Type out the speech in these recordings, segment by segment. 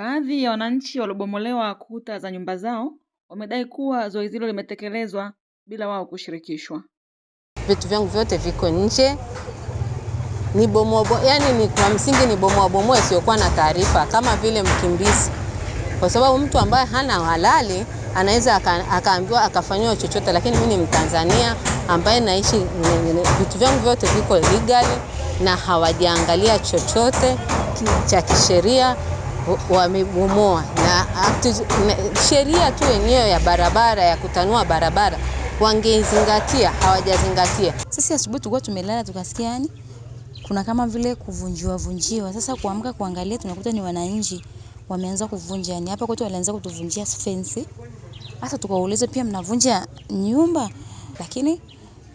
Baadhi ya wananchi waliobomolewa kuta za nyumba zao wamedai kuwa zoezi hilo limetekelezwa bila wao kushirikishwa. Vitu vyangu vyote viko nje ni bomoa yani ni kwa msingi ni bomoa bomoa isiyokuwa na taarifa, kama vile mkimbizi, kwa sababu mtu ambaye hana halali anaweza akaambiwa akafanyiwa chochote, lakini mimi ni Mtanzania ambaye naishi, vitu vyangu vyote viko legal na hawajaangalia chochote cha kisheria wamebomoa, na sheria tu yenyewe ya barabara ya kutanua barabara wangezingatia, hawajazingatia. Sisi asubuhi tulikuwa tumelala tukasikia yani kuna kama vile kuvunjiwa vunjiwa. Sasa kuamka kuangalia, tunakuta ni wananchi wameanza kuvunja, yani hapa kwetu walianza kutuvunjia fence. Sasa tukauliza pia mnavunja nyumba, lakini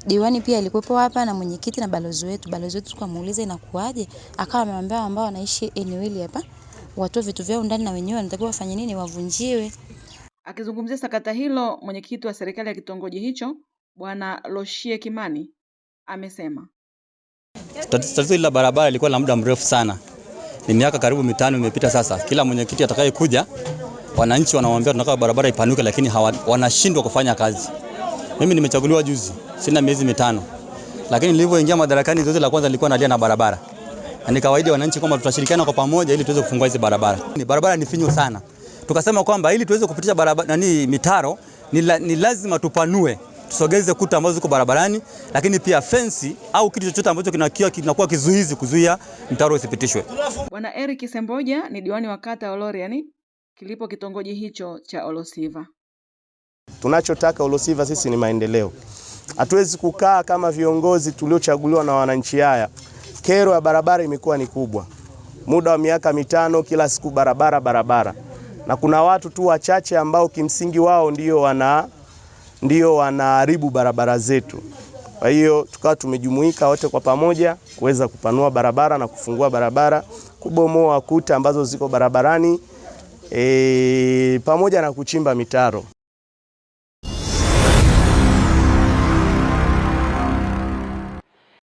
diwani pia alikuwepo hapa na mwenyekiti na balozi wetu. Balozi wetu tukamuuliza inakuaje, akawa ameambia ambao wanaishi eneo hili hapa watoe vitu vyao ndani na wenyewe wanatakiwa wafanye nini? Wavunjiwe. Akizungumzia sakata hilo, mwenyekiti wa serikali ya kitongoji hicho Bwana Loshie Kimani amesema tatizo hili la barabara lilikuwa la muda mrefu sana, ni miaka karibu mitano imepita sasa. Kila mwenyekiti atakayekuja, wananchi wanamwambia tunataka barabara ipanuke, lakini wanashindwa kufanya kazi. Mimi nimechaguliwa juzi, sina miezi mitano, lakini nilipoingia madarakani, zoezi la kwanza nilikuwa nalia na barabara na ni kawaida wananchi kwamba tutashirikiana kwa pamoja ili tuweze kufungua hizi barabara. Ni barabara ni finyu sana, tukasema kwamba ili tuweze kupitisha barabara nani mitaro ni, la, ni lazima tupanue tusogeze kuta ambazo ziko barabarani, lakini pia fensi au kitu chochote ambacho kinakuwa kizuizi kuzuia mtaro usipitishwe. Bwana Eric Semboja ni diwani wa kata ya kilipo kitongoji hicho cha Olosiva. Tunachotaka Olosiva sisi ni maendeleo. Hatuwezi kukaa kama viongozi tuliochaguliwa na wananchi haya kero ya barabara imekuwa ni kubwa, muda wa miaka mitano, kila siku barabara barabara, na kuna watu tu wachache ambao kimsingi wao ndio wana ndio wanaharibu barabara zetu. Kwa hiyo tukawa tumejumuika wote kwa pamoja kuweza kupanua barabara na kufungua barabara, kubomoa kuta ambazo ziko barabarani e, pamoja na kuchimba mitaro.